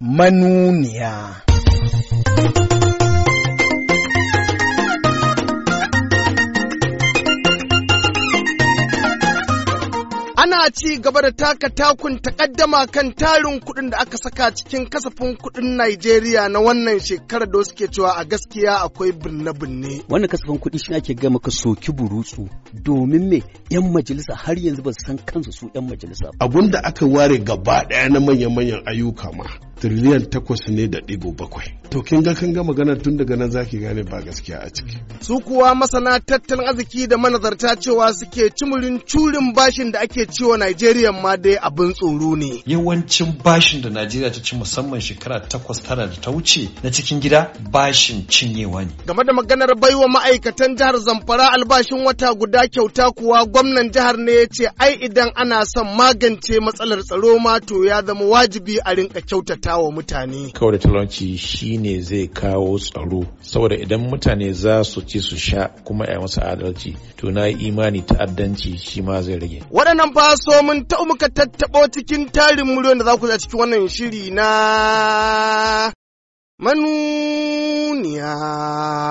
manuniya. ana ci gaba da taka takun takaddama kan tarin kuɗin da aka saka cikin kasafin kuɗin Najeriya na wannan shekarar da suke cewa a gaskiya akwai binne-binne. Wannan kasafin kuɗi shi ake gama ka soki burutsu domin me 'yan majalisa har yanzu ba su san kansu su 'yan majalisa. Abun da aka ware gaba ɗaya na manya manyan ayyuka ma tiriliyan takwas ne da ɗigo bakwai. To kin ga kan ga magana tun daga nan zaki gane ba gaskiya a ciki. Su kuwa masana tattalin arziki da manazarta cewa suke cimurin curin bashin da ake ciwo Najeriya ma dai abin tsoro ne. Yawancin bashin da Najeriya ta ci musamman shekara takwas tara da ta wuce na cikin gida bashin cinyewa ne. Game da maganar baiwa ma'aikatan jihar Zamfara albashin wata guda kyauta kuwa gwamnan jihar ne ya ce ai idan ana son magance matsalar tsaro ma to ya zama wajibi a rinka kyautata kyauta wa mutane kawai da talauci shine zai kawo tsaro saboda idan mutane za su ci su sha kuma ya masa adalci to na yi imani ta'addanci shi ma zai rage waɗannan faso mun ta muka tattaɓo cikin tarin muryar da za ku za cikin wannan shiri na manuniya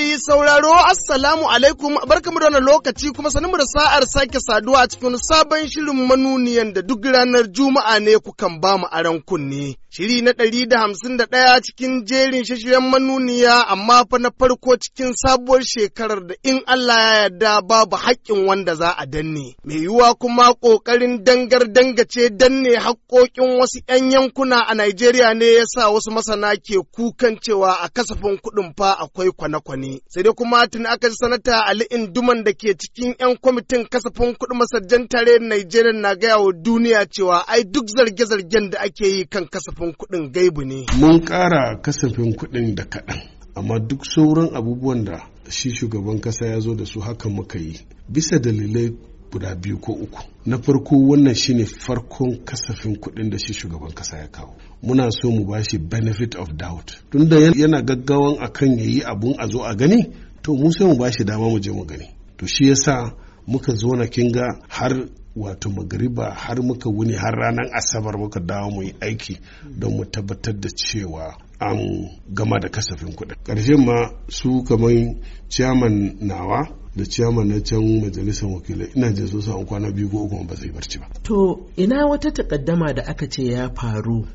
mai sauraro assalamu alaikum barkamu da wannan lokaci kuma sanin da sa'ar sake saduwa a cikin sabon shirin manuniyan da duk ranar juma'a ne kukan ba mu aran kunne. Shiri na ɗari da hamsin da ɗaya cikin jerin shishiyar manuniya amma fa na farko cikin sabuwar shekarar da in Allah ya yarda babu haƙƙin wanda za a danne. Mai yiwuwa kuma ƙoƙarin dangar dangace danne haƙƙoƙin wasu 'yan yankuna a Najeriya ne yasa wasu masana ke kukan cewa a kasafin kuɗin fa akwai kwane-kwane. Sai dai kuma tuni aka ji sanata Ali Induman da ke cikin 'yan kwamitin kasafin kuɗin masajan tare Najeriya na gaya wa duniya cewa ai duk zarge-zargen da ake yi kan kasafin kuɗin gaibu ne. Mun ƙara kasafin kuɗin da kaɗan, amma duk sauran abubuwan da shi shugaban kasa ya zo da su haka muka yi bisa dalilai guda biyu ko uku na farko wannan shine farkon kasafin kuɗin da shi shugaban kasa ya kawo muna so mu bashi benefit of doubt tunda yana gaggawan akan yi abun a zo a gani to mu sai mu bashi dama mu je mu gani to shi yasa muka zo na kinga har wato magariba har muka wuni har ranar asabar muka dawo mu yi aiki don mu tabbatar da cewa an gama da kasafin kuɗi ƙarshen ma su kamar ciyaman nawa da ciyaman na can majalisar wakilai ina jin so sa'an kwana biyu ko uku ba zai barci ba to ina wata takaddama da aka ce ya faru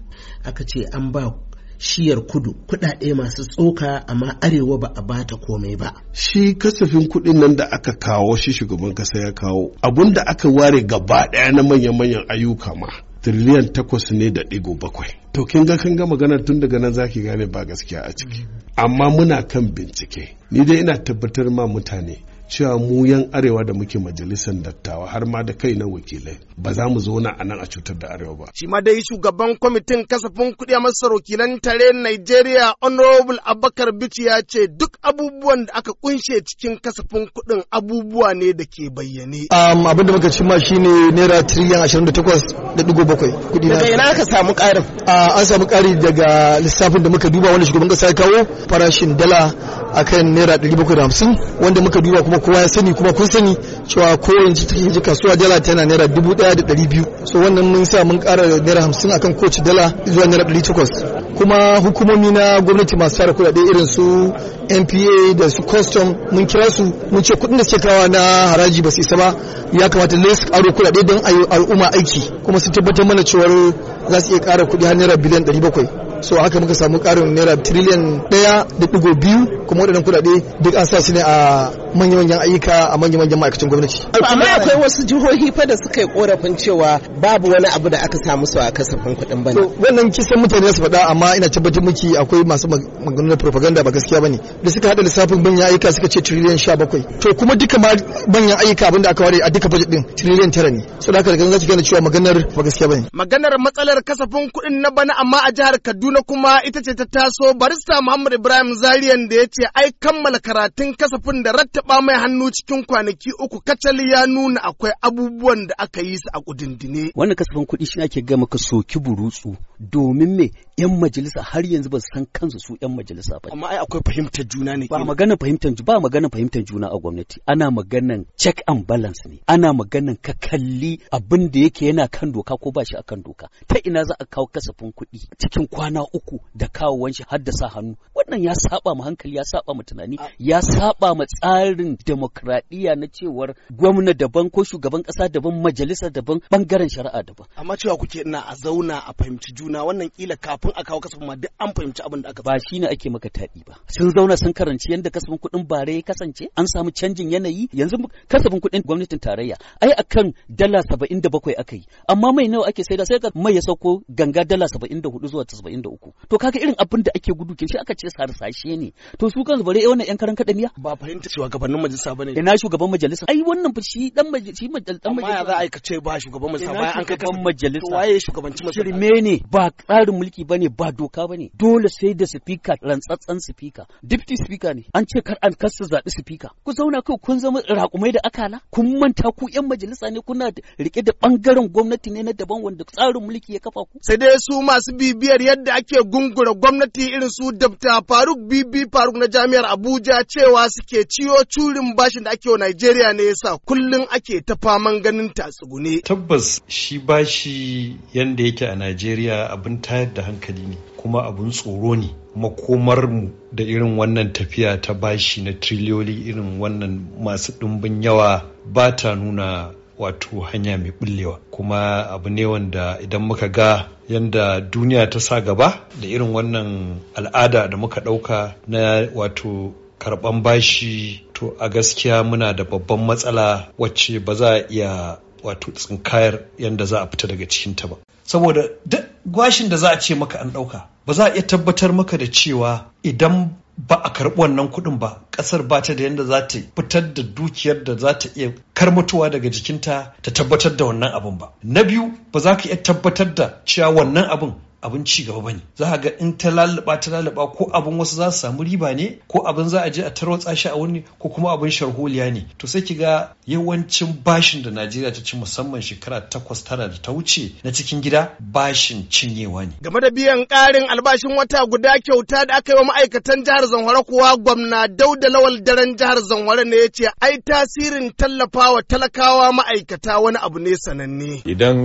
aka ce an ba shiyar kudu kudade masu tsoka amma arewa ba a bata komai ba shi kasafin kudin nan da aka kawo shi shugaban kasa ya kawo abun da aka ware gaba daya na manya-manyan ayyuka ma tiriliyan takwas ne da ɗigo bakwai to kin ga kan ga maganar tun daga nan zaki gane ba gaskiya a ciki mm. amma muna kan bincike ni dai ina tabbatar ma mutane cewa mu yan arewa da muke majalisar dattawa har ma da kai na wakilai ba za mu zauna a nan a cutar da arewa ba. Shi ma dai shugaban kwamitin kasafin kuɗi a masar wakilan tare Nigeria Honorable Abakar Bichi ya ce duk abubuwan da aka kunshe cikin kasafin kuɗin abubuwa ne da ke bayyane. Um, abin da muka ci ma shine naira tiriyan ashirin da takwas da digo bakwai. Kuɗi na. Daga ina aka samu ƙarin? an samu ƙari daga lissafin da muka duba wanda shugaban ƙasa ya kawo farashin dala akan naira 750 wanda muka duba kuma kowa ya sani kuma kun sani cewa kowace take ji kasuwa dala tana naira 1200 so wannan mun sa mun kara naira 50 akan kowace dala zuwa naira 800 kuma hukumomi na gwamnati masu tara kudade irin su NPA da su custom mun kira su mun ce kudin da suke kawa na haraji ba su isa ba ya kamata ne su karo kudade don al'umma aiki kuma su tabbatar mana cewa za su iya kara kudi har naira biliyan 700 so haka muka samu karin naira trillion ɗaya da digo biyu kuma waɗannan kuɗaɗe duk an sa su ne a manya-manyan ayyuka a manya-manyan ma'aikacin gwamnati. amma akwai wasu jihohi fa da suka yi korafin cewa babu wani abu da aka samu su a kasafin kuɗin bane. wannan kisan mutane su faɗa amma ina tabbatar miki akwai masu maganganun propaganda ba gaskiya bane da suka haɗa lissafin manyan ayyuka suka ce trillion sha bakwai to kuma duka ma manyan ayyuka abinda aka ware a duka budget din trillion tara ne saboda haka daga nan za ki gane cewa maganar ba gaskiya bane. maganar matsalar kasafin kuɗin na bana amma a jihar kaduna na kuma ita ce ta taso barista Muhammad Ibrahim Zariyan da ya ce ai kammala karatun kasafin da rattaba mai hannu cikin kwanaki uku kacal ya nuna akwai abubuwan da aka yi su a kudindine. Wannan kasafin kuɗi shi ake gama ka soki burutsu domin me 'yan majalisa har yanzu ba su san kansu su 'yan majalisa ba. Amma ai akwai fahimtar juna ne. Ba magana fahimtar ba magana fahimtar juna a gwamnati. Ana maganan check and balance ne. Ana maganan ka kalli abin da yake yana kan doka ko ba shi akan doka. Ta ina za a kawo kasafin kuɗi cikin kwana uku da kawowan shi har da sa hannu. Wannan ya saba ma hankali, ya saba ma tunani, ya saba ma tsarin demokradiyya na cewar gwamna daban ko shugaban ƙasa daban majalisa daban bangaren shari'a daban. Amma cewa kuke ina a zauna a fahimci juna wannan kila kafin kafin a kawo kasafin ma duk an fahimci abin da aka ba ne ake maka taɗi ba sun zauna sun karanci yadda kasafin kuɗin bare ya kasance an samu canjin yanayi yanzu kasafin kuɗin gwamnatin tarayya ai akan dala saba'in da bakwai aka yi amma mai nawa ake saida sai ka mai ya sauko ganga dala saba'in da hudu zuwa saba'in da uku to kaga irin abin da ake gudu kin shi aka ce sarsashe ne to su kansu bare eh, wannan yan karan kaɗaniya ba fahimta gabanin majalisa bane ina shugaban majalisa ai wannan fa shi dan majalisa amma ya za a ce ba shugaban majalisa ba an kai shugaban majalisa waye shugabanci majalisa shirme ne ba tsarin mulki ba ba ne ba doka ba ne dole sai da sifika rantsatsan sifika dipti sifika ne an ce kar an kasa zaɓi sifika ku zauna kai kun zama raƙumai da akala kun manta ku yan majalisa ne kuna rike da bangaren gwamnati ne na daban wanda tsarin mulki ya kafa ku sai dai su masu bibiyar yadda ake gungura gwamnati irin su dabta faruk bibi faruk na jami'ar abuja cewa suke ciyo curin bashin da ake wa nigeria ne yasa kullum ake ta faman ganin tatsugune tabbas shi bashi yanda yake a nigeria abin tayar da hankali hankali ne kuma abun tsoro ne makomar mu da irin wannan tafiya ta bashi na triliyoli irin wannan masu ɗumbin yawa ba ta nuna wato hanya mai bullewa kuma abu ne wanda idan muka ga yadda duniya ta sa gaba da irin wannan al'ada da muka ɗauka na wato karɓan bashi to a gaskiya muna da babban matsala wacce ba za a iya wato tsinkayar yadda za a fita daga cikinta ba saboda duk gwashin da za a ce maka an ɗauka ba za a iya tabbatar maka da cewa idan ba a karɓi wannan kuɗin ba ƙasar ba ta da yadda za ta fitar da dukiyar da za ta iya karmatuwa daga jikinta ta tabbatar da wannan abin ba na biyu ba za ka iya tabbatar da cewa wannan abin abin ci gaba bane za ga in ta lalluba ta lalluba ko abin wasu za su samu riba ne ko abin za a je a tarwatsa tsashi a wani ko kuma abin sharholiya ne to sai ki ga yawancin bashin da Najeriya ta ci musamman shekara takwas tara da ta wuce na cikin gida bashin cinyewa ne game da biyan karin albashin wata guda kyauta da aka yi wa ma'aikatan jihar Zamfara kuwa gwamna Dauda Lawal daren jihar Zamfara ne ya ce ai tasirin tallafawa talakawa ma'aikata wani abu ne sananne idan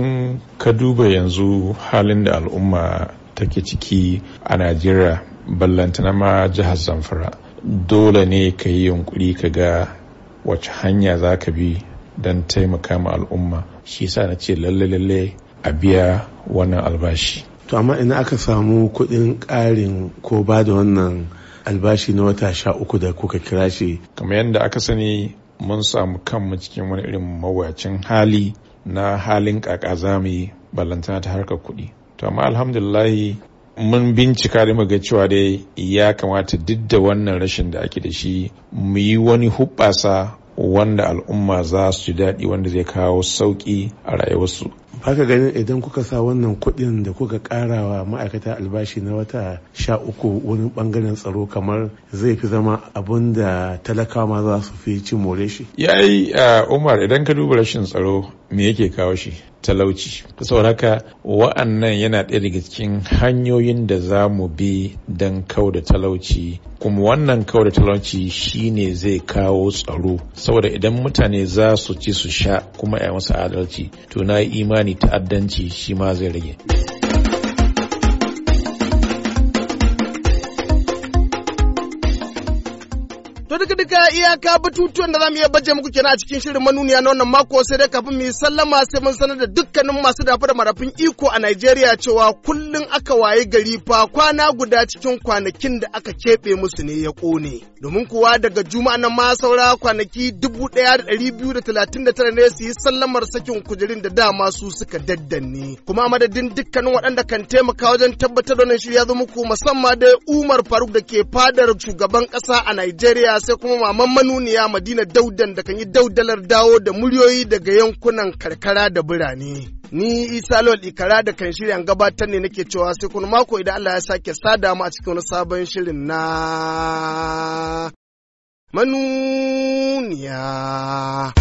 ka duba yanzu halin da al'umma take ciki a najeriya ballantana ma jihar zamfara dole ne ka yi yunkuri ka ga wace hanya za ka bi don taimaka ma al'umma shi sa na ce lalle-lalle a biya wannan albashi to amma ina aka samu kuɗin ƙarin ko ba da wannan albashi na wata sha uku da kuka kira shi kamar yadda aka sani mun samu kanmu cikin wani irin mawacin hali na halin kaka zamu yi ballantana ta harkar kuɗi to amma alhamdulillahi mun bincika da muga cewa dai ya kamata duk da wannan rashin da ake da shi mu yi wani hubbasa wanda al'umma za su ji daɗi wanda zai kawo sauƙi a rayuwarsu haka ganin idan kuka sa wannan kuɗin da kuka ƙara ma'aikata albashi na wata sha uku wani bangaren tsaro kamar zai fi zama abun da talakawa ma za su fi cin more shi Ya a umar idan ka duba rashin tsaro me yake kawo shi talauci ta sauraka wa'annan yana ɗaya daga cikin hanyoyin da za mu bi don kau da talauci kuma wannan kau da talauci shine zai kawo tsaro saboda idan mutane za su ci su sha kuma a musu adalci to na imani ta'addanci shi ma zai rage. To duka duka iyaka batutuwan da zamu iya baje muku kenan a cikin shirin manuniya na wannan mako sai dai kafin mu yi sallama sai mun sanar da dukkanin masu dafa da marafin iko a Najeriya cewa kullun aka waye gari fa kwana guda cikin kwanakin da aka keɓe musu ne ya kone Domin kuwa daga juma'a nan ma saura kwanaki dubu ɗaya ne su yi sallamar sakin kujerin da dama su suka daddanne. Kuma madadin dukkanin waɗanda kan taimaka wajen tabbatar da wannan shirya zo muku musamman da Umar Faruk da ke fadar shugaban ƙasa a Najeriya sai kuma maman manuniya Madina Daudan da kan yi daudalar dawo da muryoyi daga yankunan karkara da birane. Ni Isa Lawal Ikara da kan shirya gabatar ne nake cewa sai kuma mako idan Allah ya sake sada mu a cikin wani sabon shirin na manuniya.